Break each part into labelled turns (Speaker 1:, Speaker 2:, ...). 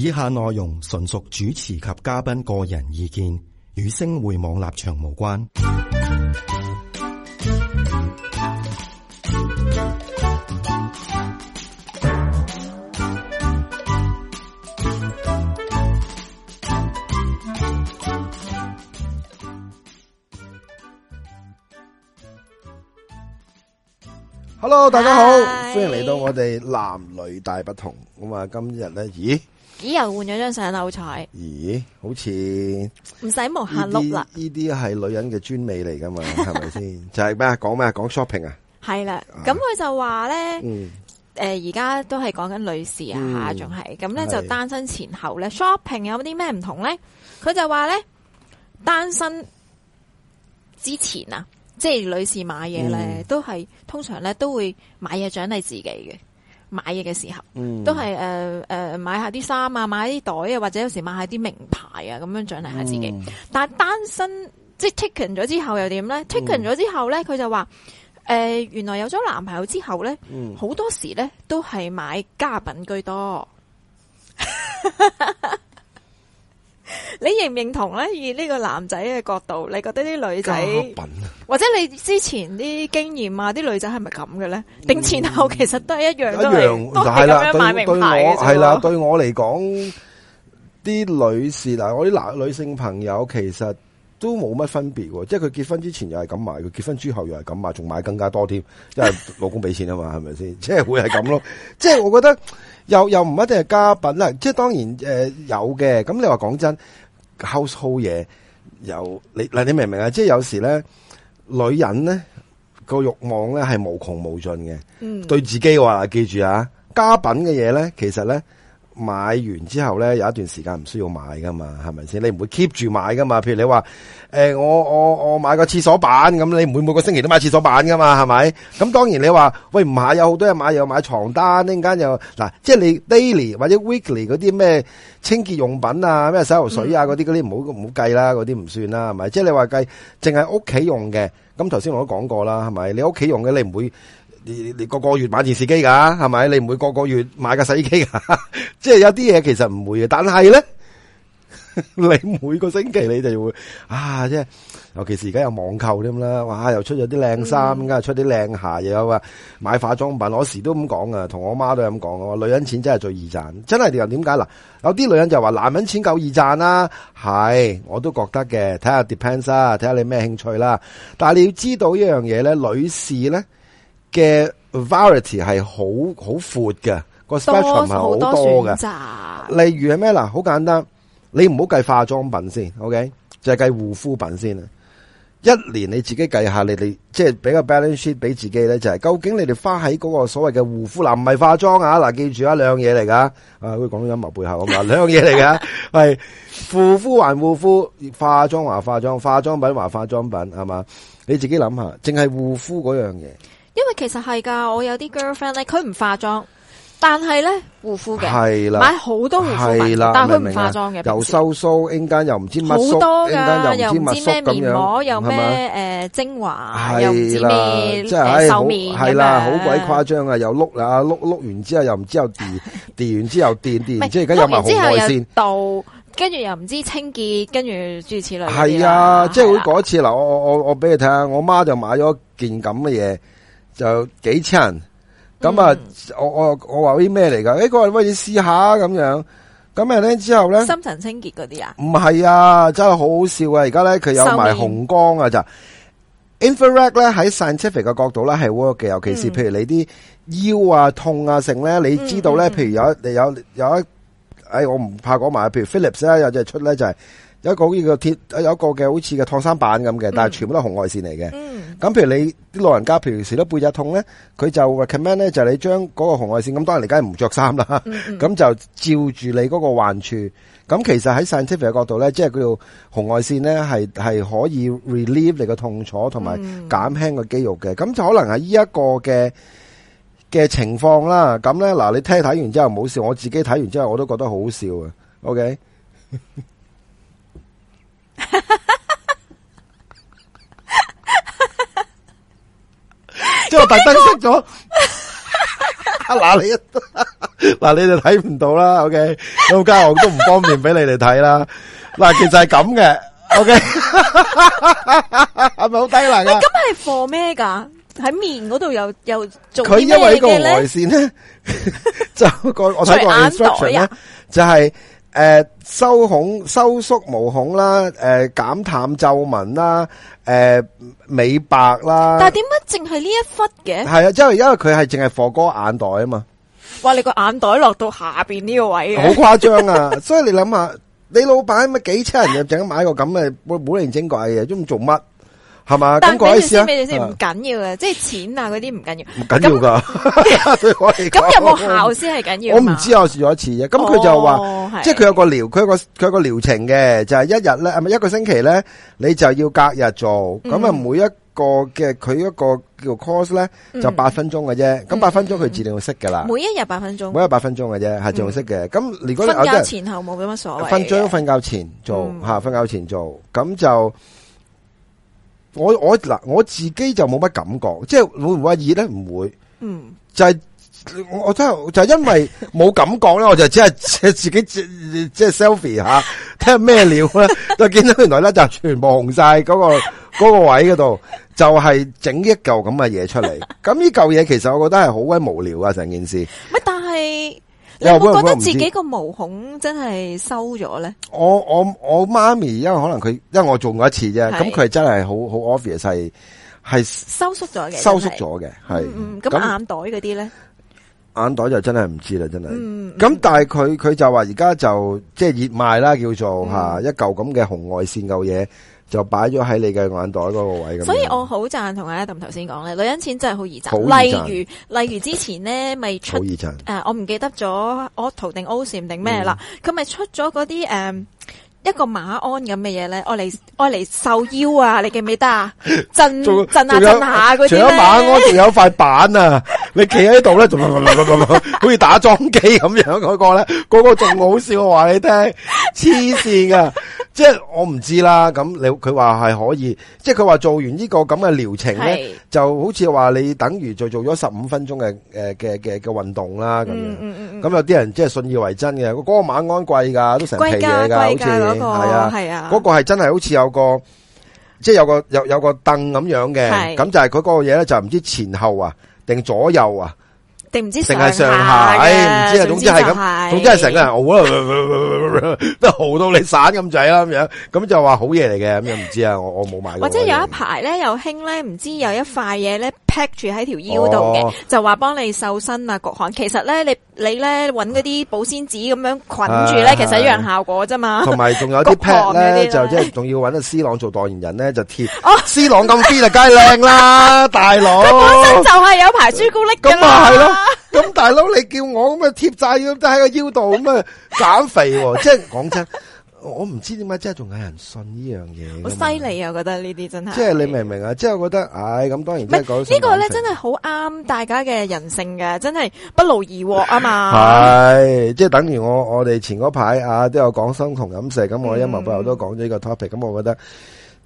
Speaker 1: .以下內容純屬主持及嘉賓個人意見，與星匯網立場無關。Hello，大家好，Hi. 歡迎嚟到我哋男女大不同。咁啊，今日咧，咦？
Speaker 2: 咦，又換咗張相好彩，
Speaker 1: 咦，好似
Speaker 2: 唔使無限碌啦，
Speaker 1: 呢啲係女人嘅專美嚟噶嘛，係咪先？就係咩講咩講 shopping 啊？
Speaker 2: 係啦，咁佢就話咧，誒，而家都係講緊女士啊，仲係咁咧，就單身前後咧 shopping 有啲咩唔同咧？佢就話咧，單身之前啊，即係女士買嘢咧，嗯，都係通常咧都會買嘢獎勵自己嘅。買嘢嘅時候，嗯、都係誒誒買下啲衫啊，買啲袋啊，或者有時買下啲名牌啊，咁樣獎勵下自己。嗯、但係單身即係 taken 咗之後又點咧？taken 咗之後咧，佢就話誒、呃，原來有咗男朋友之後咧，好、嗯、多時咧都係買家品居多。嗯 你認唔認同咧？以呢個男仔嘅角度，你覺得啲女仔，
Speaker 1: 或
Speaker 2: 者你之前啲經驗啊，啲女仔係咪咁嘅咧？定、嗯、前後其實都係一,一樣，都係咁樣買名牌嘅。係啦，
Speaker 1: 對我嚟講，啲女士嗱，我啲男女性朋友其實。都冇乜分別喎，即係佢結婚之前又係咁買，佢結婚之後又係咁買，仲買更加多添，即係老公俾錢啊嘛，係咪先？即係會係咁咯，即係我覺得又又唔一定係家品啦，即係當然、呃、有嘅。咁你話講真，household 嘢有你嗱，你明唔明啊？即係有時咧，女人咧個欲望咧係無窮無盡嘅，嗯，對自己話記住啊，家品嘅嘢咧，其實咧。買完之後咧，有一段時間唔需要買噶嘛，係咪先？你唔會 keep 住買噶嘛？譬如你話誒、欸，我我我買個廁所板咁，你唔會每個星期都買廁所板噶嘛？係咪？咁當然你話喂，唔係，買有好多人買又買床單，一陣間又嗱，即係你 daily 或者 weekly 嗰啲咩清潔用品啊，咩洗頭水啊嗰啲嗰啲，唔好唔好計啦，嗰啲唔算啦，係咪？即係你話計淨係屋企用嘅，咁頭先我都講過啦，係咪？你屋企用嘅你唔會。你你個個個月買電視機噶、啊，係咪？你唔會個個月買個洗衣機噶？ 即係有啲嘢，其實唔會嘅，但係咧， 你每個星期你就會啊，即係尤其是而家有網購添啦，哇！又出咗啲靚衫，而家出啲靚鞋，又有啊！買化妝品，我時都咁講啊，同我媽都係咁講。我話女人錢真係最易賺，真係又點解？嗱、啊，有啲女人就話男人錢夠易賺啦、啊，係我都覺得嘅。睇下 depends 啊，睇下你咩興趣啦、啊。但係你要知道一樣嘢咧，女士咧。嘅 variety 係好好闊嘅，闊個 spectrum 係好多㗎。多多例如係咩嗱？好簡單，你唔好計化妝品先，OK？就係計護膚品先啊！一年你自己計下，你哋即係俾個 balance sheet 俾自己咧，就係、是、究竟你哋花喺嗰個所謂嘅護膚嗱，唔、啊、係化妝啊嗱、啊，記住啊兩樣嘢嚟噶。啊，會講到陰謀背後啊嘛，兩 樣嘢嚟噶，係護膚還護膚，化妝還化妝，化妝品還化妝品，係嘛？你自己諗下，淨係護膚嗰樣嘢。
Speaker 2: 因為其實係噶，我有啲 girlfriend 咧，佢唔化妝，但係咧護膚嘅，係啦，買好多護膚品，但係佢唔化妝嘅，
Speaker 1: 收、應該又收縮，跟間又唔知乜，好多噶，又唔知咩面膜，
Speaker 2: 又咩誒精華，又唔知面，即係好係啦，好鬼誇
Speaker 1: 張啊！又碌啦，碌碌完之後又唔知又掂掂完之後掂掂， 即係而家有唔係好衛生，
Speaker 2: 度跟住又唔知清潔，跟住諸如此類，係啊，即係會
Speaker 1: 嗰次嗱，我我我我俾你睇下，我媽就買咗件咁嘅嘢。就幾千人咁啊！我我我話啲咩嚟噶？誒、欸，嗰個可以試下咁樣。咁啊咧之後咧深
Speaker 2: 層清潔嗰啲
Speaker 1: 啊，唔係啊，真係好好笑啊！而家咧佢有埋紅光啊，就 infrared 咧喺 scientific 嘅角度咧係 work 嘅，尤其是譬如你啲腰啊痛啊剩咧，你知道咧，嗯嗯嗯譬如有你有有一，誒、哎，我唔怕講埋，譬如 Philips 咧、啊、有隻出咧就係、是。有一個呢個鐵有一個嘅好似嘅燙衫板咁嘅，但係全部都係紅外線嚟嘅。咁、嗯、譬如你啲老人家，譬如時都背脊痛咧，佢就 recommend 咧就係、你將嗰個紅外線咁，當然你梗係唔着衫啦。咁、嗯嗯、 就照住你嗰個患處。咁其實喺 scientific 嘅角度咧，即係叫紅外線咧係係可以 relieve 你嘅痛楚同埋減輕個肌肉嘅。咁、嗯、就可能係呢一個嘅嘅情況啦。咁咧嗱，你聽睇完之後冇笑，我自己睇完之後我都覺得好好笑啊。OK。 即係我台燈熄咗，嗱你，嗱你哋睇唔到啦。OK，咁家我都唔方便俾你哋睇啦。嗱，其實係咁嘅。OK，係咪好低能啊？咁
Speaker 2: 係貨咩噶？喺面嗰度又又做佢，因為呢個外
Speaker 1: 線咧，就個我睇個 instruction 咧，就係。誒、呃，收孔收縮毛孔啦，誒、呃，減淡皺紋啦，誒、呃，美白啦。但係
Speaker 2: 點解淨係呢一忽嘅？係啊，
Speaker 1: 即係因為佢係淨係火哥眼袋啊嘛。
Speaker 2: 哇！你個眼袋落到下邊呢個位好誇
Speaker 1: 張啊！ 所以你諗下，你老闆咪幾千人又整買個咁嘅古靈精怪嘢，都唔做乜？係嘛？但係嗰陣時唔緊要
Speaker 2: 嘅，即係錢啊嗰啲唔緊要，唔緊要
Speaker 1: 噶。咁 來 有冇效先係
Speaker 2: 緊要？我唔知
Speaker 1: 我試咗一次，嘅、哦。咁佢就話，即係佢有個療，佢有個佢有個療程嘅，就係、是、一日咧，係咪一個星期咧？你就要隔日做，咁、嗯、啊每一個嘅佢一個叫 course 咧、嗯，就八分鐘嘅啫。咁、嗯、八分鐘佢自然會識噶啦。
Speaker 2: 每一日八分鐘，每一日八
Speaker 1: 分鐘嘅啫，係仲識嘅。咁、嗯、如果瞓覺前
Speaker 2: 後冇乜所謂，瞓早瞓
Speaker 1: 覺前做吓，瞓、嗯、覺前做咁就。我我嗱我自己就冇乜感覺，即係會唔會熱咧？唔會，嗯、就係，就係我真係就因為冇感覺咧，我就只係即係 自己即係 selfie 吓，睇下咩料咧， 就見到原來咧就全部紅晒嗰、嗰個嗰、嗰個位嗰度，就係、係、整一嚿咁嘅嘢出嚟。咁呢嚿嘢其實我覺得係好鬼無聊啊！成件事，乜但係。你會覺得自己個
Speaker 2: 毛孔真係收咗咧？
Speaker 1: 我我我媽咪因為可能佢因為我做過一次啫，咁佢真係好好 obvious 係，係收
Speaker 2: 縮咗嘅，收縮
Speaker 1: 咗嘅，係。咁眼袋嗰啲咧？眼袋就真係唔知啦，真係。咁但係佢佢就話而家就即係熱賣啦，叫做吓一嚿咁嘅紅外線嚿嘢。就擺咗喺你嘅眼袋嗰個位咁。所以我
Speaker 2: 好贊同阿譚頭先講嘅女人錢真係好易賺。易例如，例如之前咧，咪出誒、呃，我唔記得咗我淘定歐禪定咩啦。佢、嗯、咪出咗嗰啲誒一個馬鞍咁嘅嘢咧，愛嚟愛嚟瘦腰啊，你記唔記得啊？震震下震下嗰啲。除咗馬鞍，
Speaker 1: 仲有塊板啊！你企喺度咧，仲好似打樁機咁樣嗰個咧，嗰個仲好笑，我話你聽，黐線噶。即係我唔知啦，咁你佢話係可以，即係佢話做完呢個咁嘅療程咧，就好似話你等於就做咗十五分鐘嘅誒嘅嘅嘅運動啦咁樣。咁、嗯嗯嗯、有啲人即係信以為真嘅，嗰個馬鞍貴噶，都成皮嘢噶，好似係啊係啊，啊啊嗰個係真係好似有個，即係有個有有個凳咁樣嘅，咁就係佢個嘢咧就唔知前後啊定左右啊。
Speaker 2: 定唔知上定係上下，
Speaker 1: 唉，唔、哎、知啊！總之係咁，總之係、就、成、是、個人嘔 都豪到你散咁滯啦咁樣，咁就話好嘢嚟嘅咁樣，唔 知啊，我我冇買過。或者有一
Speaker 2: 排咧又興咧，唔知有一塊嘢咧。pack 住喺條腰度嘅、哦，就話幫你瘦身啊，焗汗。其實咧，你你咧揾嗰啲保鮮紙咁樣捆住咧，其實一樣效果啫嘛。同埋仲有啲 pack 咧，就即係
Speaker 1: 仲要揾個 C 朗做代言人咧，就貼。哦，C 朗咁 fit 就梗係靚啦，大佬。 本身就係有排朱古力噶嘛。係 咯是，咁 大佬你叫我咁啊貼晒咁喺個腰度咁啊減肥，即係講真。 我唔知點解，真係仲有人信呢樣嘢。好犀
Speaker 2: 利啊！我覺得呢啲真係。即係你
Speaker 1: 明唔明啊？即 係我覺得，唉，咁當然即係講。呢個咧真係
Speaker 2: 好啱大家嘅人性嘅，真係不勞而獲啊嘛。係
Speaker 1: 即係等於我我哋前嗰排啊都有講生酮飲食，咁我一毛不漏都講咗呢個 topic，咁、嗯嗯、我覺得。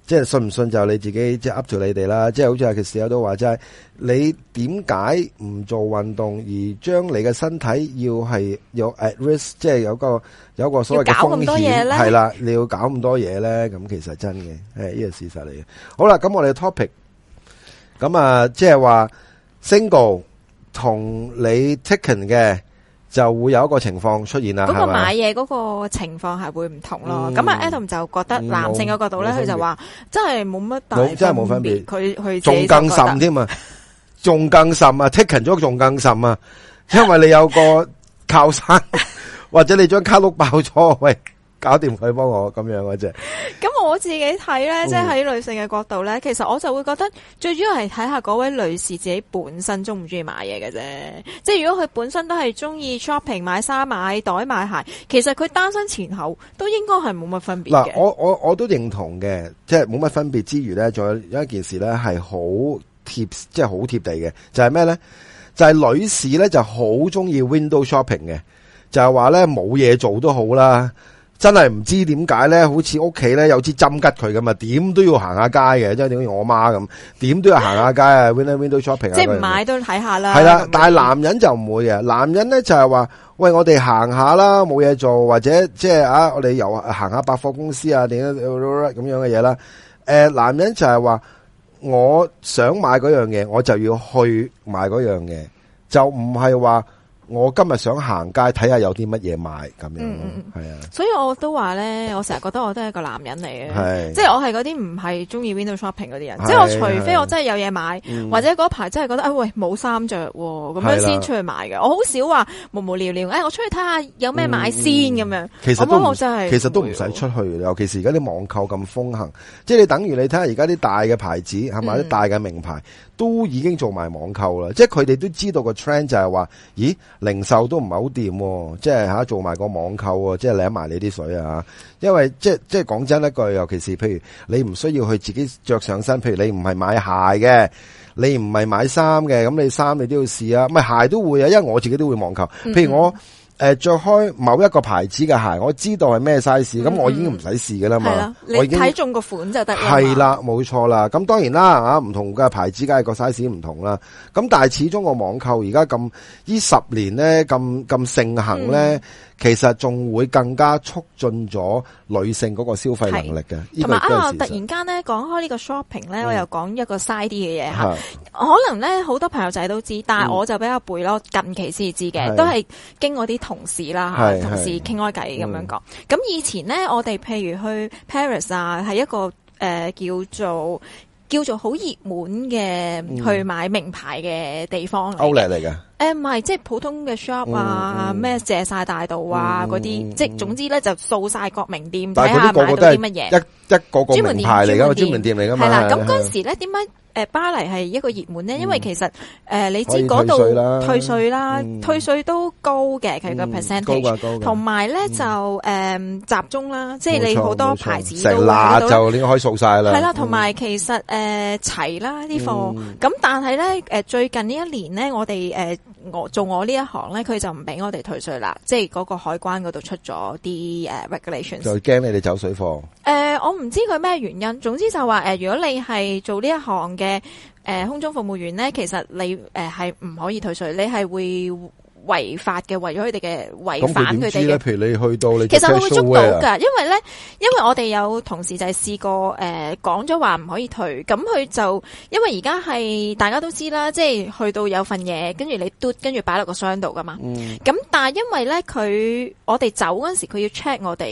Speaker 1: 即係信唔信就你自己即係 up to you, 你哋啦。即係好似阿其室友都話，即係你點解唔做運動而將你嘅身體要係有 at risk，即係有個有個所謂嘅風險。係啦，你要搞咁多嘢咧，咁其實真嘅，係呢個事實嚟嘅。好啦，咁我哋嘅 topic，咁啊，即係話 single 同你 taken 嘅。就會有一個情況出現啦，嗰、那個買
Speaker 2: 嘢嗰個情況係會唔同咯。咁啊 Atom 就覺得男性嘅角度咧，佢、嗯、就話真係冇乜大沒，真係冇分別。佢去仲更甚添
Speaker 1: 啊，仲 更甚啊，taken 咗仲更甚啊， 因為你有個靠山， 或者你張卡碌爆咗喂。搞掂佢幫我咁樣嘅啫。
Speaker 2: 咁 我自己睇咧，即係喺女性嘅角度咧，嗯、其實我就會覺得，最主要係睇下嗰位女士自己本身中唔中意買嘢嘅啫。即係如果佢本身都係中意 shopping 買衫買，買袋買鞋，其實佢單身前後都應該係冇乜分
Speaker 1: 別。嘅，我我我都認同嘅，即係冇乜分別之餘咧，仲有一件事咧，係好貼，即係好貼地嘅，就係咩咧？就係、是就是、女士咧就好中意 window shopping 嘅，就係話咧冇嘢做都好啦。真係唔知點解咧，好似屋企咧有支針拮佢咁啊，點都要行下街嘅，即係好似我媽咁，點都要行下街啊，window window shopping 啊，即係唔買
Speaker 2: 都睇下啦。係啦，
Speaker 1: 但係男人就唔會嘅，男人咧就係話，喂，我哋行下啦，冇嘢做或者即、就、係、是、啊，我哋遊行下百貨公司啊，點咁樣嘅嘢啦。誒、呃，男人就係話，我想買嗰樣嘢，我就要去買嗰樣嘢，就唔係話。我今日想行街睇下有啲乜嘢買咁樣，係、嗯、啊，
Speaker 2: 所以我都話咧，我成日覺得我都係一個男人嚟嘅，即係我係嗰啲唔係中意 window shopping 嗰啲人，即係我除非我真係有嘢買、嗯，或者嗰排真係覺得、哎、喂冇衫着咁樣先出去買嘅，我好少話無無聊聊，哎我出去睇下有咩買、嗯、先咁樣，其實都我，我真係，其
Speaker 1: 實都唔使出去，尤其是而家啲網購咁風行，即係你等於你睇下而家啲大嘅牌子係咪？啲、嗯、大嘅名牌都已經做埋網購啦，即係佢哋都知道個 trend 就係話，咦？零售都唔係好掂，即係嚇做埋個網購喎，即係舐埋你啲水啊，因為即係即係講真一句，尤其是譬如你唔需要去自己着上身，譬如你唔係買鞋嘅，你唔係買衫嘅，咁你衫你都要試啊，唔係鞋都會啊，因為我自己都會網購，譬如我。嗯嗯。誒，着開某一個牌子嘅鞋，我知道係咩 size，咁我已經唔使試㗎啦嘛。我已經，你睇
Speaker 2: 中個款就得啦。係
Speaker 1: 啦，冇錯啦。咁當然啦，啊，唔同嘅牌子梗係個 size 唔同啦。咁但係始終個網購而家咁呢十年咧咁咁盛行咧。嗯其實仲會更加促進咗女性嗰個消費能力嘅。同埋啊，我突然
Speaker 2: 間咧講開呢個 shopping 咧、嗯，我又講一個嘥啲嘅嘢吓。可能咧好多朋友仔都知，但係我就比較背咯。嗯、近期先知嘅，都係經過啲同事啦吓、啊，同事傾開偈咁樣講。咁、嗯、以前咧，我哋譬如去 Paris 啊，係一個誒、呃、叫做。叫做好熱門嘅、嗯、去買名牌嘅地方，歐力嚟嘅。誒、啊，唔係，即係普通嘅 shop 啊，咩謝晒大道啊，嗰、嗯、啲、嗯，即係總之咧就掃晒各名店，睇下買到啲乜嘢，一
Speaker 1: 一個個名牌嚟噶，專門店嚟噶，係啦。咁嗰時
Speaker 2: 咧，點解？誒，巴黎係一個熱門咧，因為其實誒、嗯呃、你知嗰度退稅啦，退稅、嗯、都高嘅，其實個 percentage，同埋咧就誒、嗯、集中啦，即係你好多牌子都就呢
Speaker 1: 啲可以掃曬啦。係、嗯、啦，同埋
Speaker 2: 其實誒齊啦啲貨，咁、嗯、但係咧、呃、最近呢一年咧，我哋誒。呃.我做我呢一行咧，佢就唔俾我哋退稅啦，即係嗰個海關嗰度出咗啲誒 regulations。就
Speaker 1: 驚你哋走水貨。
Speaker 2: 誒、呃，我唔知佢咩原因，總之就話誒、呃，如果你係做呢一行嘅誒、呃、空中服務員咧，其實你誒係唔可以退稅，你係會。違法嘅，為咗佢哋嘅違反佢哋嘅。咧，譬
Speaker 1: 如你去到你其實會會捉到㗎，
Speaker 2: 因為咧，因為我哋有同事就係試過誒講咗話唔可以退，咁佢就因為而家係大家都知啦，即係去到有份嘢跟住你嘟，跟住擺落個箱度㗎嘛。咁、嗯、但係因為咧，佢我哋走嗰時佢要 check 我哋，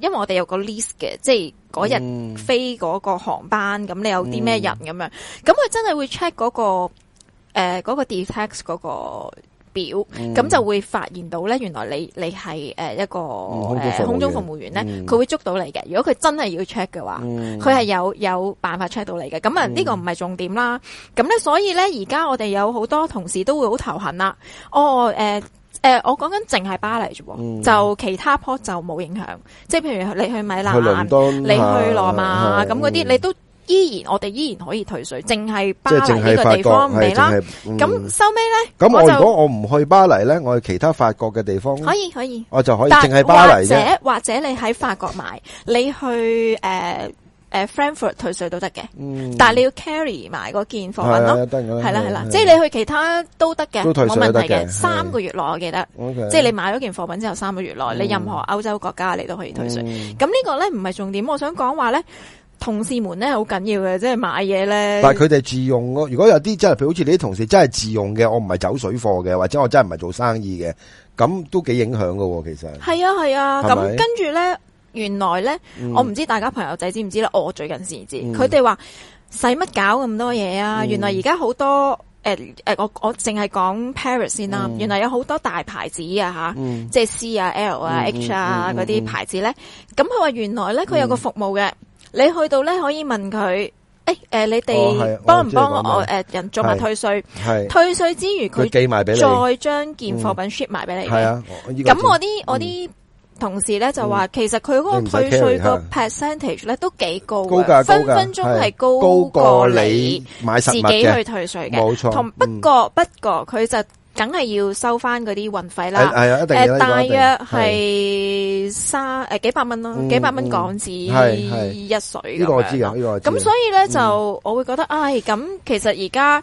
Speaker 2: 因為我哋有個 list 嘅，即係嗰日飛嗰個航班咁，嗯、你有啲咩人咁樣咁佢真係會 check 嗰、嗰個誒嗰、呃嗰個 detect 嗰、嗰個。咁、嗯、就會發現到咧，原來你你係一個空中服務員咧，佢會捉到你嘅、嗯嗯。如果佢真係要 check 嘅話，佢係有有辦法 check 到你嘅。咁、嗯、啊，呢個唔係重點啦。咁咧，所以咧，而家我哋有好多同事都會好頭痕啦。哦，誒、呃呃呃、我講緊淨係巴黎啫喎、嗯，就其他 port 就冇影響。即係譬如你去米蘭，去你去羅馬咁嗰啲，嗯、你都。依然，我哋依然可以退稅，淨係巴黎呢個地方唔畀啦。
Speaker 1: 咁收尾咧，咁、嗯嗯、我如果我唔去巴黎咧，我去其他法國嘅地方，可以可
Speaker 2: 以，我就可以淨係巴黎或者或者你喺法國買，你去誒誒、啊啊、Frankfurt 退稅都得嘅。嗯、但係你要 carry 埋個件貨品咯，係啦係啦，即係你去其他都得嘅，冇問題嘅。三個月內我記得，是 okay、即係你買咗件貨品之後三個月內，嗯、你任何歐洲國家你都可以退稅。咁、嗯、呢、嗯、個咧唔係重點，我想講話咧。同事們咧好緊要嘅，即係買嘢咧。但係佢
Speaker 1: 哋自用咯。如果有啲真係，譬如好似你啲同事真係自用嘅，我唔係走水貨嘅，或者我真係唔係做生意嘅，咁都幾影響喎。其實
Speaker 2: 係啊，係啊。咁跟住咧，原來咧、嗯，我唔知大家朋友仔知唔知咧。我最近先知，佢哋話使乜搞咁多嘢啊，嗯？原來而家好多誒誒、呃，我我淨係講 Paris 先啦、嗯。原來有好多大牌子啊吓、嗯，即係 C 啊、L 啊、嗯、H 啊嗰啲，嗯、牌子咧。咁佢話原來咧，佢有個服務嘅。嗯嗯你去到咧可以問佢，誒、哎、誒、呃，你哋幫唔幫我？誒、哦、人、啊、做埋退稅，退稅之餘佢寄埋俾你，再將件貨品 ship 埋俾你。係、嗯、啊，咁我啲、嗯、我啲同事咧就話、嗯，其實佢嗰個退稅個 percentage 咧都幾高、高、高，分分鐘係高過你自己去退稅嘅。冇錯，同不過不過佢就。梗係要收返嗰啲運費啦，誒，一定大約係三誒，幾百蚊咯，幾百蚊港紙一水咁樣。呢個我知噶，呢
Speaker 1: 個我知。咁所以咧就，
Speaker 2: 我會覺得，唉，咁其實而家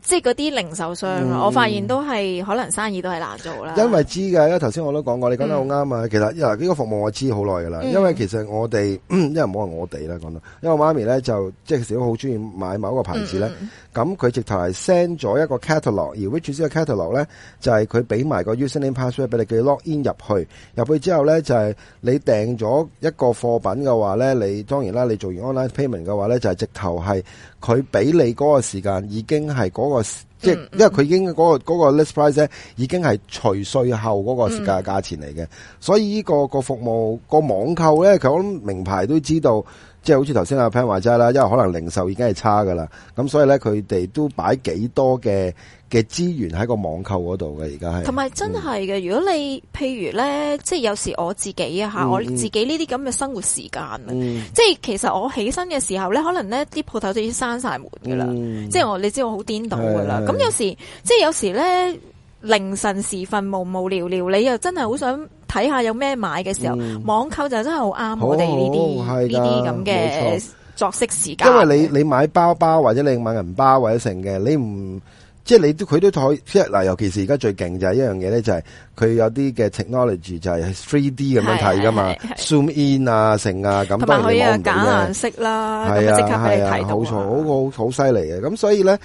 Speaker 2: 即係嗰啲零售商，我發現都係可能生意都係難做啦。
Speaker 1: 因為知噶，因為頭先我都講過，你講得好啱啊。其實因為呢個服務我知好耐噶啦，因為其實我哋，嗯，即係唔好話我哋啦，講到，因為我媽咪咧就即係其實都好中意買某一個牌子咧。咁佢直頭係 send 咗一個 catalog，而 which is the catalog 呢、就是、個 catalog 咧就係佢俾埋個 user name password 俾你，叫 log in 入去。入去之後咧就係、是、你訂咗一個貨品嘅話咧，你當然啦，你做完 online payment 嘅話咧，就係、是、直頭係佢俾你嗰個時間已經係嗰、嗰個，即、mm、係 -hmm. 因為佢已經嗰、嗰個嗰個 list price 咧已經係除稅後嗰個時間價錢嚟嘅。所以呢、呢個、嗰個服務、嗰個網購咧，講名牌都知道。即係好似頭先阿 Pan 話齋啦，因為可能零售已經係差噶啦，咁所以咧佢哋都擺幾多嘅嘅資源喺個網購嗰度嘅而家係。同埋真係
Speaker 2: 嘅，嗯、如果你譬如咧，即係有時我自己啊嚇，我自己呢啲咁嘅生活時間啊，嗯、即係其實我起身嘅時候咧，可能咧啲鋪頭就已經閂晒門
Speaker 1: 噶啦、嗯。即係
Speaker 2: 我你知我好顛倒噶啦。咁有時即係有時咧凌晨時分無無聊聊，你又真係好想，睇下有咩買嘅時候，嗯、網購就真係好啱我哋呢啲
Speaker 1: 呢啲咁嘅
Speaker 2: 作息時間。因為你
Speaker 1: 你買包包或者你買銀包或者成嘅，你唔即係你都佢都可以即係嗱，尤其是而家最勁就係、是、一樣嘢咧，就係佢有啲嘅 technology 就係 three D 咁樣睇噶嘛，zoom in 啊成啊咁，同埋可以揀顏色
Speaker 2: 啦，咁即刻俾你睇到。好
Speaker 1: 錯，好好犀利嘅，咁所以咧。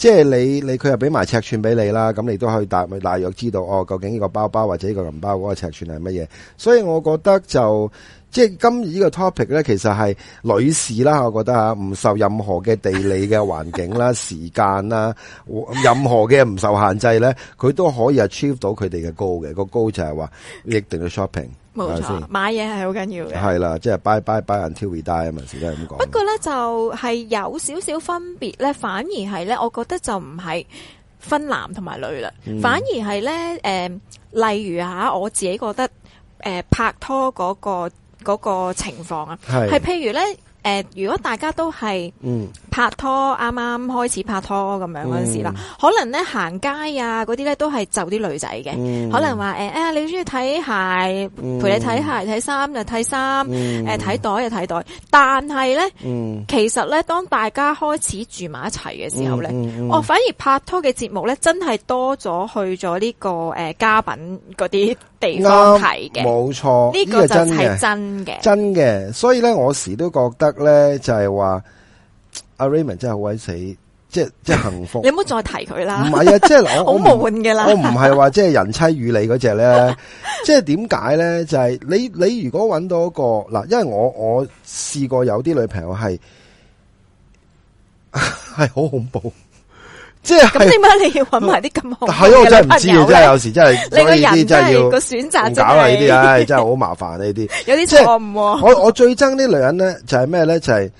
Speaker 1: 即係你，你佢又俾埋尺寸俾你啦，咁你都可以答，咪大約知道哦，究竟呢個包包或者呢個銀包嗰個尺寸係乜嘢？所以我覺得就。即係今呢個 topic 咧，其實係女士啦，我覺得吓唔受任何嘅地理嘅環境啦、 時間啦、任何嘅唔受限制咧，佢 都可以 achieve 到佢哋嘅高嘅個高就係話，一定要 shopping。冇錯，
Speaker 2: 買嘢係好緊要嘅。係
Speaker 1: 啦，即係 buy buy buy until we die 啊，有時都係咁講。不
Speaker 2: 過咧就係、是、有少少分別咧，反而係咧，我覺得就唔係分男同埋女啦、嗯，反而係咧，誒、呃，例如吓，我自己覺得，誒、呃，拍拖嗰、那個。嗰個情況啊，係譬如咧。誒、呃，如果大家都係拍拖，啱、嗯、啱開始拍拖咁樣嗰陣時啦、嗯，可能咧行街啊，嗰啲咧都係就啲女仔嘅，可能話誒，誒、哎、你中意睇鞋，嗯，陪你睇鞋睇衫就睇衫，誒睇、嗯呃、袋就睇袋。但係咧、嗯，其實咧，當大家開始住埋一齊嘅時候咧、嗯嗯，哦，反而拍拖嘅節目咧、這個，真係多咗去咗呢個誒家品嗰啲地方睇嘅，冇錯，呢個就係真嘅，真
Speaker 1: 嘅，所以咧，我時都覺得。咧就係、是、話阿 Raymond 真係好鬼死，即係即係幸福。 你唔
Speaker 2: 好再提佢啦。唔係啊，即、就、係、是、我好 無換嘅啦。我唔係
Speaker 1: 話即係人妻與你嗰隻咧。即係點解咧？就係、是、你你如果揾到一個嗱，因為我我試過有啲女朋友係係好恐怖。
Speaker 2: 即係點解你要揾埋啲咁好嘅人？係啊，我真係唔知嘅，真係有時真係，所以呢啲真係、嗰個選擇真係啲，真係
Speaker 1: 好麻煩呢啲， 有啲錯唔喎。我我最憎啲女人咧，就係咩咧？就係、是、誒。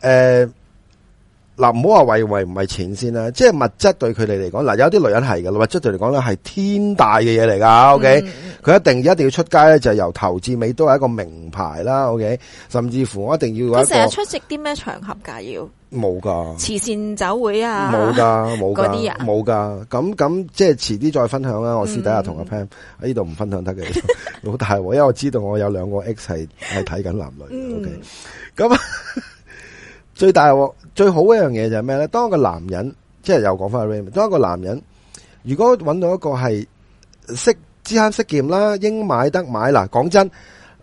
Speaker 1: 呃.嗱，唔好話為為唔係錢先啦，即係物質對佢哋嚟講，嗱，有啲女人係嘅，物質對嚟講咧係天大嘅嘢嚟噶，OK，佢一定一定要出街咧就由頭至尾都係一個名牌啦，OK，甚至乎我一定要有一個佢成日出
Speaker 2: 席啲咩場合噶，要
Speaker 1: 冇噶慈
Speaker 2: 善酒會啊，冇噶冇噶冇
Speaker 1: 噶，咁咁即係遲啲再分享啦，我私底下同阿 Pam 喺呢度唔分享得嘅，好大鑊，因為我知道我有兩個 X 係係睇緊男女、嗯、，OK，咁。 最大最好一樣嘢，就係咩咧？當一個男人即係又講翻，當一個男人如果揾到一個係識知慳識儉啦，應買得買。嗱，講真，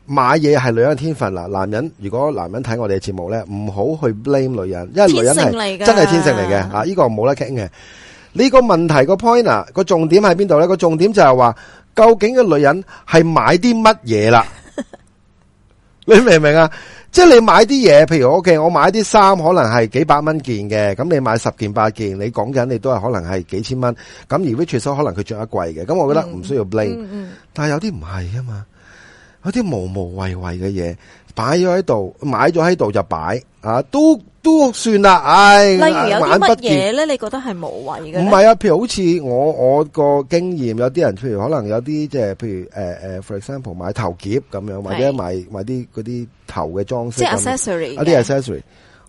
Speaker 1: 買嘢係女人嘅天分。嗱，男人如果男人睇我哋嘅節目咧，唔好去 blame 女人，因為女人係真係天性嚟嘅。啊，呢個冇得傾嘅。呢個問題個 point 啊，個重點喺邊度咧？個重點就係話，究竟個女人係買啲乜嘢啦？你明唔明啊？即係你買啲嘢，譬如我屋企，我買啲衫，可能係幾百蚊件嘅，咁你買十件八件，你講緊你都係可能係幾千蚊。咁而 Victoria 可能佢着得貴嘅，咁我覺得唔需要 blame、嗯嗯嗯。但係有啲唔係啊嘛，有啲無無謂謂嘅嘢。擺咗喺度，買咗喺度就擺，啊都都算啦，唉。例如有啲乜嘢咧？你覺得係
Speaker 2: 冇謂嘅？
Speaker 1: 唔係啊，譬如好似我我個經驗，有啲人譬如可能有啲即係譬如誒誒，for example 買頭夾咁樣，或者買買啲嗰啲頭嘅裝飾，即係 accessory，啲 accessory。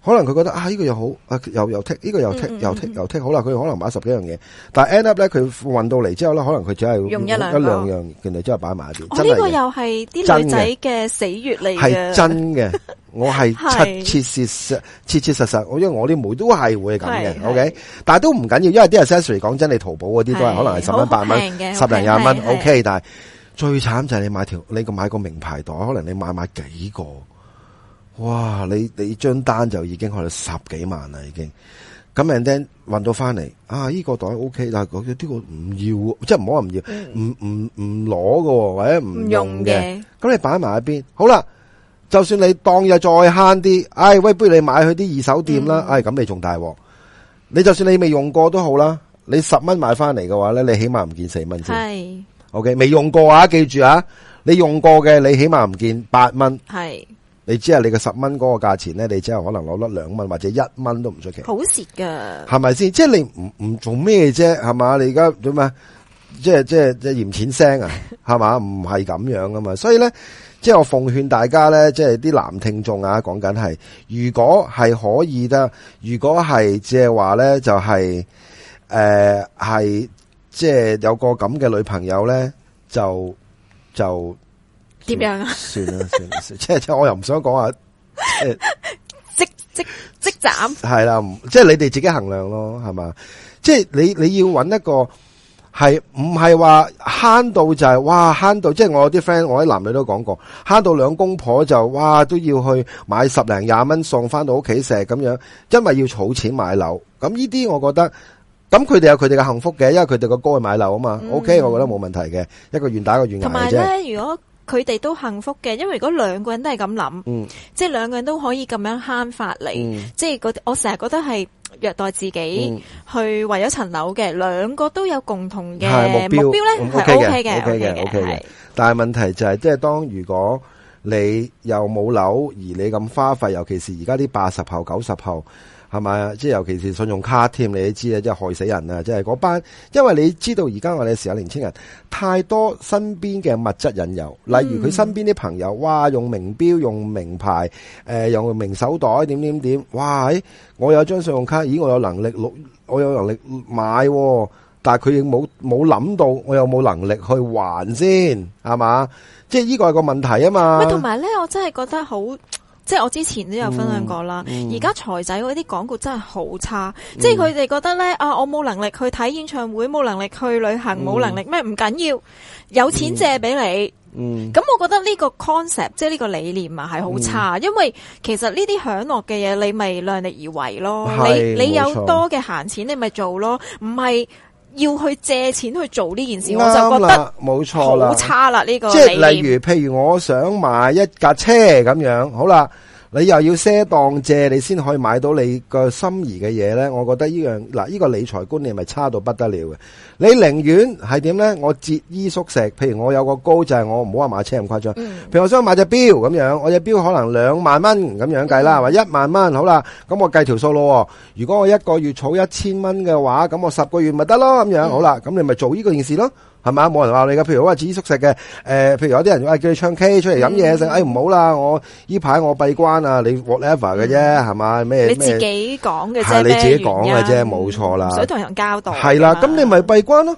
Speaker 1: 可能佢覺得啊呢、這個又好啊又又剔呢、這個又剔又剔又剔好啦，佢可能買十幾樣嘢，但係 end up 咧佢運到嚟之後咧，可能佢只係用一兩,一兩樣，其實只係擺埋一啲、哦這個。我呢個又
Speaker 2: 係啲女仔嘅死穴嚟嘅。真
Speaker 1: 嘅，我係切切切實，切實實。我因為我啲妹都係會咁嘅，OK，但係都唔緊要，因為啲 accessory 講真，你淘寶嗰啲都係可能係十蚊八蚊，十零廿蚊 OK，okay, okay 但係最慘就係你買條你個買個名牌袋，可能你買買幾個。哇！你你張單就已經去到十幾萬啦，已經咁，人哋揾到翻嚟啊！依、依個袋 O、OK, K，但係嗰啲個唔要，即係唔好話唔要，唔唔唔攞嘅，或者唔用嘅。咁你擺埋一邊好啦。就算你當日再慳啲，哎喂，不如你買去啲二手店啦。唉、嗯哎，咁你仲大鑊。你就算你未用過都好啦，你十蚊買翻嚟嘅話咧，你起碼唔見四蚊先。係。O K，未用過啊，記住啊，你用過嘅，你起碼唔見八蚊。係。你知係你個十蚊嗰個價錢咧，你只係可能攞得兩蚊或者一蚊都唔出奇，好
Speaker 2: 蝕噶，係
Speaker 1: 咪先？即係你唔唔做咩啫？係嘛？你而家做咩？即係即係即係嫌錢聲啊？係嘛？唔係咁樣噶嘛？所以咧，即係我奉勸大家咧，即係啲男聽眾啊，講緊係，如果係可以得，如果係即係話咧，就係誒係即係有個咁嘅女朋友咧，就就。
Speaker 2: 點樣、啊
Speaker 1: 算啦？算啦算啦，即係即係，我又唔想講啊 ，
Speaker 2: 即即即斬
Speaker 1: 係啦，即係 你哋自己衡量咯，係嘛？即係你你要揾一個係唔係話慳到就係、是、哇慳到，即係我啲 friend，我啲男女都講過慳到兩公婆就哇都要去買十零廿蚊餸翻到屋企食咁樣，這樣，這樣，因為要儲錢買樓。咁呢啲我覺得咁佢哋有佢哋嘅幸福嘅，因為佢哋個 goal 係買樓啊嘛。嗯、OK，我覺得冇問題嘅，一個願打一個願挨啫。同埋咧，如果
Speaker 2: 佢哋都幸福嘅，因為如果兩個人都係咁諗，即係兩個人都可以咁樣慳法嚟，即係我成日覺得係虐待自己去為咗層樓嘅，兩個都有共同嘅目標咧，係 OK 嘅，OK 嘅，OK
Speaker 1: 嘅。但係問題就係，即係當如果你又冇樓，而你咁花費，尤其是而家啲八十後、九十後。係咪，即係尤其是信用卡添，你都知啊，即係害死人啊！即係嗰班，因為你知道而家我哋時候年青人太多身邊嘅物質引誘，例如佢身邊啲朋友，嗯、哇，用名表，用名牌，誒、呃，用名手袋，點點點，哇！我有張信用卡，咦，我有能力攞，我有能力買，啊，但係佢亦冇冇諗到我有冇能力去還先，係嘛？即係呢個係個問題啊嘛。喂，同埋
Speaker 2: 咧，我真係覺得好。即係我之前都有分享過啦，而家財仔嗰啲廣告真係好差，嗯、即係佢哋覺得咧啊，我冇能力去睇演唱會，冇能力去旅行，冇、嗯、能力咩？唔緊要，有錢借俾你。
Speaker 1: 嗯，咁、
Speaker 2: 嗯、我覺得呢個 concept，即係呢個理念啊係好差、嗯，因為其實呢啲享樂嘅嘢你咪量力而為咯。你你有多嘅閒錢你咪做咯，唔係。要去借錢去做呢件事，我就覺得
Speaker 1: 冇錯啦，好差
Speaker 2: 啦呢個。即係例如，
Speaker 1: 譬如我想買一架車咁樣，好啦。你又要賒當借，你先可以買到你個心儀嘅嘢呢？我覺得呢樣嗱，呢個理財觀念咪差到不得了嘅。你寧願係點呢？我節衣縮食，譬如我有個高就係我唔好話買車咁誇張，嗯、譬如我想買隻表咁樣，我隻表可能兩萬蚊咁樣計啦，話、嗯、一萬蚊好啦？咁我計條數咯。如果我一個月儲一千蚊嘅話，咁我十個月咪得咯。咁樣好啦。咁你咪做呢個件事咯。係嘛？冇人話你噶。譬如我話自己食食嘅，誒、呃，譬如有啲人，叫你唱 K 出嚟飲嘢食，誒、嗯，唔好啦，我呢排我閉關啊，你 whatever 嘅啫，係、嗯、嘛？咩你自己講嘅啫咩
Speaker 2: 原因？你自己講嘅啫，冇
Speaker 1: 錯啦。所、嗯、以同
Speaker 2: 人交代係啦，咁
Speaker 1: 你咪閉關咯。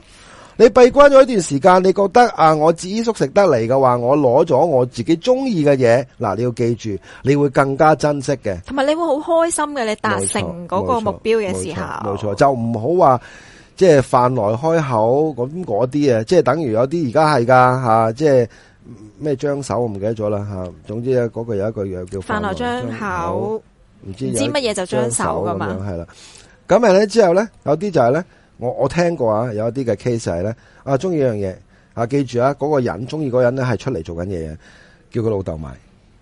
Speaker 1: 你閉關咗一段時間，你覺得啊，我紫衣叔食得嚟嘅話，我攞咗我自己中意嘅嘢，嗱，你要記住，你會更加珍惜嘅，
Speaker 2: 同埋你會好開心嘅，你達成嗰個目標嘅時候，
Speaker 1: 冇錯就唔好話。即係飯來開口咁嗰啲啊，即係等如有啲而家係噶吓，即係咩張手我唔記得咗啦吓。總之啊，嗰句有一個嘢叫飯來張口，唔知唔知乜嘢就張手噶嘛，係啦。咁啊咧之後咧，有啲就係、是、咧，我我聽過啊，有一啲嘅 case 係咧，啊中意一樣嘢啊，記住啊，嗰、嗰個人中意嗰人咧係出嚟做緊嘢嘅，叫佢老豆買。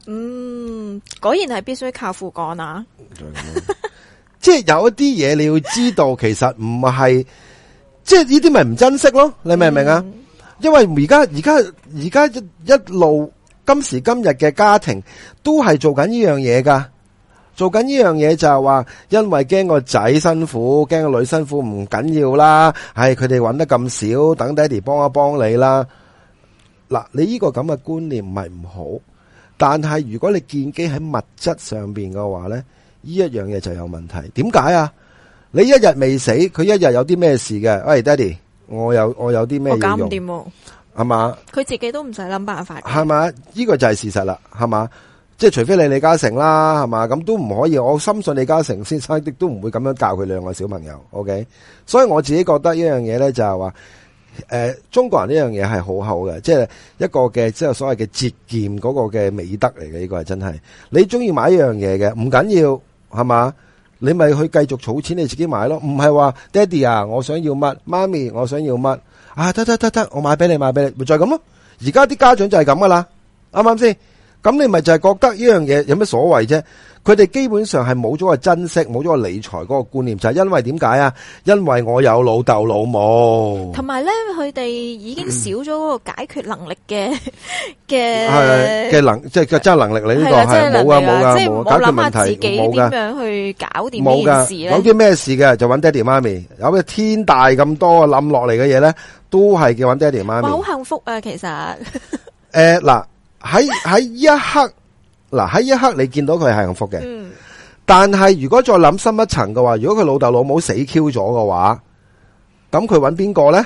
Speaker 2: 嗯，果然係必須靠父幹啊！
Speaker 1: 即係有一啲嘢你要知道，其實唔係。即係呢啲咪唔珍惜咯，你明唔明啊？因為而家而家而家一一路今時今日嘅家庭都係做緊呢樣嘢噶，做緊呢樣嘢就係話，因為驚個仔辛苦，驚個女辛苦，唔緊要啦。唉，佢哋搵得咁少，等爹哋幫一幫你啦。嗱，你呢個咁嘅觀念唔係唔好，但係如果你建基喺物質上邊嘅話咧，呢一樣嘢就有問題。點解啊？你一日未死，佢一日有啲咩事嘅？喂，爹 y 我有我有啲咩用？我搞唔掂，係嘛？
Speaker 2: 佢自己都唔使諗辦法，
Speaker 1: 係嘛？呢個就係事實啦，係嘛？即係除非你李嘉誠啦，係嘛？咁都唔可以。我深信李嘉誠先生都唔會咁樣教佢兩個小朋友。OK，所以我自己覺得呢樣嘢咧就係話，誒、呃，中國人呢樣嘢係好好嘅，即係一個嘅即係所謂嘅節儉嗰個嘅美德嚟嘅。呢、這個係真係，你中意買一樣嘢嘅唔緊要，係嘛？你咪去繼續儲錢，你自己買咯，唔係話爹哋啊，我想要乜，媽咪我想要乜，啊得得得得，我買俾你買俾你，咪再咁咯。而家啲家長就係咁噶啦，啱唔啱先？咁你咪就係覺得呢樣嘢，有咩所謂啫？佢哋基本上係冇咗個珍惜，冇咗個理財嗰個觀念，就係因為點解啊？因為我有老豆老母，同
Speaker 2: 埋咧，佢哋已經少咗嗰個解決能力嘅、嘅、嘅能，
Speaker 1: 即係嘅真能力。你呢個係冇噶，冇噶，唔好諗下自己點樣
Speaker 2: 去搞掂呢件事咧。有啲咩
Speaker 1: 事嘅就揾爹哋媽咪。有咩天大咁多冧落嚟嘅嘢咧，都係叫揾爹哋媽咪。好
Speaker 2: 幸福啊，其實
Speaker 1: 誒嗱。喺喺一刻，嗱喺一刻，你見到佢係幸福嘅。嗯、但係如果再諗深一層嘅話，如果佢老豆老母死 Q 咗嘅話，咁佢揾邊個咧？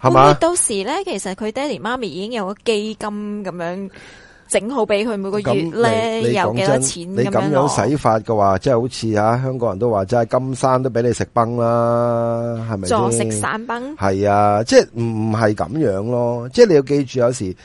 Speaker 1: 係嘛？
Speaker 2: 到時咧，其實佢爹哋媽咪已經有個基金咁樣整好俾佢每個月咧有幾多錢咁樣。你咁樣使
Speaker 1: 法嘅話，即係好似啊，香港人都話齋金山都俾你食崩啦，係咪？坐食山崩。係啊，即係唔唔係咁樣咯，即係你要記住有時。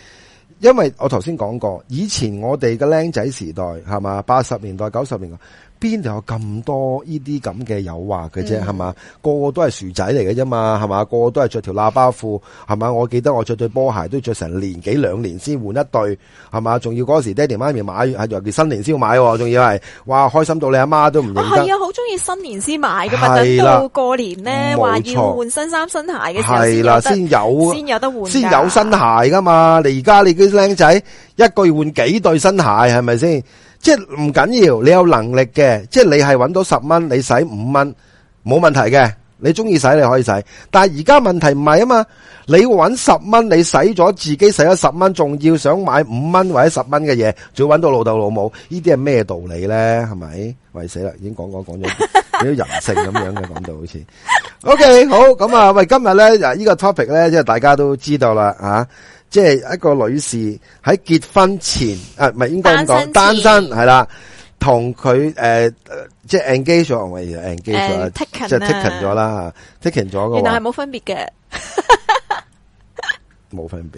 Speaker 1: 因為我頭先講過，以前我哋嘅僆仔時代係嘛，八十年代、九十年代。邊度有咁多呢啲咁嘅誘惑嘅啫，係嘛、嗯？個個都係薯仔嚟嘅啫嘛，係嘛？個個都係着條喇叭褲，係嘛？我記得我着對波鞋都着成年幾兩年先換一對，係嘛？仲要嗰時爹哋媽咪買，尤其新年先買，仲要係，哇！開心到你阿媽都唔認得。係、哦、啊，好中
Speaker 2: 意新年先買嘅嘛、啊，等到過年咧，話要換新衫新鞋嘅時候先有得是、啊、先
Speaker 1: 有先有得換，先有新鞋噶嘛？現在你而家你啲靚仔一個月換幾對新鞋，係咪先？即係唔緊要，你有能力嘅，即係你係揾到十蚊，你使五蚊，冇問題嘅。你中意使你可以使，但係而家問題唔係啊嘛，你揾十蚊，你使咗自己使咗十蚊，仲要想買五蚊或者十蚊嘅嘢，仲要揾到老豆老母，呢啲係咩道理呢？係咪？喂死啦，已經講講講咗，有啲人性咁樣嘅講到好似。OK，好，咁啊，喂，今日呢，呢個 topic 呢，即係大家都知道啦，啊。即係一個女士喺結婚前，啊，唔係應該噉講單身係啦，同佢誒，即係 engage 咗，engage 咗即係 taken 咗啦，啊，taken 咗個原來係
Speaker 2: 冇分別嘅
Speaker 1: 分別，冇分別。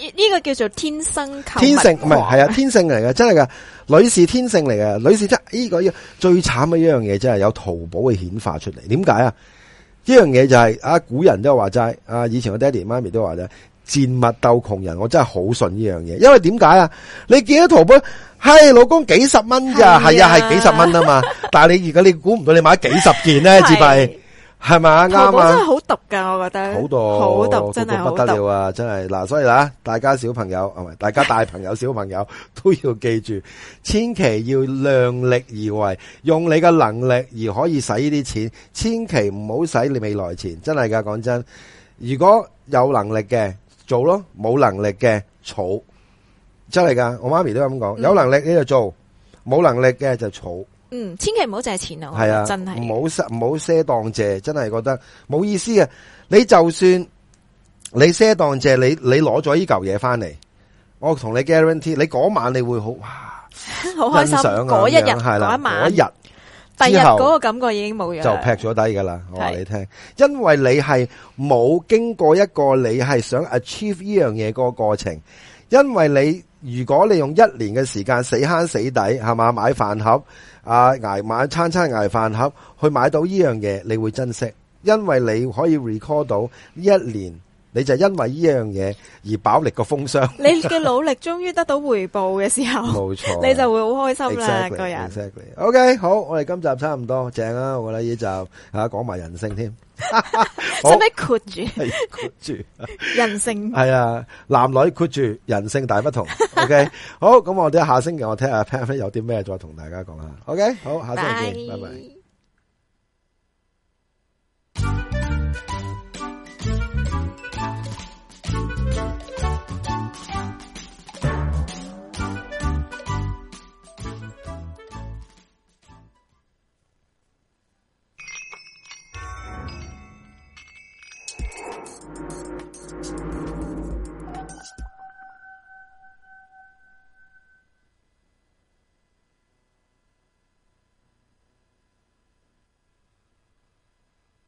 Speaker 2: 呢個叫做天生，天性唔係
Speaker 1: 係啊，天性嚟嘅，真係噶，女士天性嚟嘅，女士真係呢個，個最慘嘅一樣嘢，真、就、係、是、有淘寶嘅顯化出嚟。點解啊？呢樣嘢就係、是、啊，古人都話齋，啊，以前我爹哋媽咪都話齋。賤物鬥窮人，我真係好信呢樣嘢，因為點解啊？你見到淘寶，嘿、哎，老公幾十蚊咋？係啊，啊，係幾十蚊啊嘛。 但係你而家你估唔到，你買幾十件呢，至弊係咪啊？啱啊！真係好
Speaker 2: 毒噶，我覺得好毒，好毒，毒真係不得了
Speaker 1: 啊！真係嗱，所以啦，大家小朋友係咪？ 大家大朋友小朋友都要記住，千祈要量力而為，用你嘅能力而可以使呢啲錢，千祈唔好使你未來錢，真係噶，講真，如果有能力嘅。做咯，冇能力嘅儲，真係噶，我媽咪都咁講。有能力你就做，冇能力嘅就儲。嗯，
Speaker 2: 千祈唔好借錢啊、哦，係啊，真係
Speaker 1: 唔好唔好賒當借，真係覺得冇意思啊。你就算你賒當借，你你攞咗呢嚿嘢翻嚟，我同你 guarantee，你嗰晚你會好哇，好
Speaker 2: 開心嗰一日係嗰一晚，嗰一日。第日嗰個感覺已經冇咗，就
Speaker 1: 劈咗低噶啦！我話你聽，因為你係冇經過一個你係想 achieve 呢樣嘢個過程。因為你如果你用一年嘅時間死慳死抵，係嘛，買飯盒啊，挨晚餐餐挨飯盒去買到呢樣嘢，你會珍惜，因為你可以 record 到呢一年。你就因為依樣嘢而飽歷個風霜，你嘅努
Speaker 2: 力終於得到回報嘅時候，冇錯，你就會好開心啦，個人。
Speaker 1: Exactly，OK，好，我哋今集差唔多，正啦，我覺得依集吓講埋人性添，使唔使括住，括住
Speaker 2: 人性，係啊，
Speaker 1: 男女括住人性大不同。OK，好，咁我哋下星期我聽吓 Pan 有啲咩再同大家講下。OK，好，下星期見，拜拜。